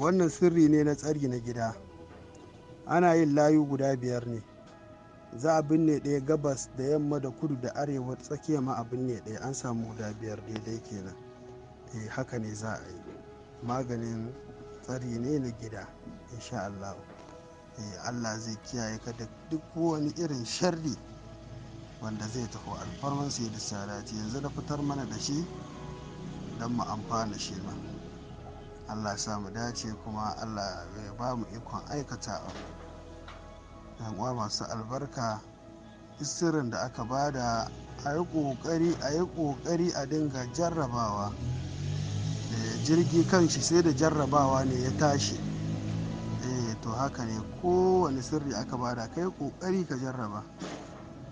wannan sirri ne na tsari na gida ana yin layu guda biyar ne za a binne ɗaya gabas da yamma da kudu da arewa tsakiya ma a binne ɗaya an samu guda biyar daidai kenan eh haka ne za a yi maganin tsari ne na gida insha Allah eh, Allah zai kiyaye ka da duk wani irin sharri wanda zai taho alfarmar sai da sarati yanzu na fitar mana da shi don mu amfana shi ma allah sa mu dace kuma allah ya ba mu ikon aikata abu uwa masu albarka sirrin da aka bada a yi ƙoƙari a yi ƙoƙari a dinga jarrabawa eh, jirgi kanshi sai da jarrabawa ne ya tashi eh, to haka ne kowane sirri aka bada kai ƙoƙari ka jarraba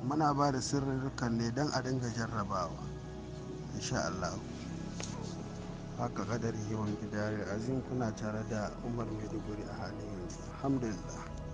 muna ba da sirrikan ne don a dinga jarrabawa insha Allah haka kadar yawan gidare azim kuna tare da umar maiduguri a halin yanzu alhamdulillah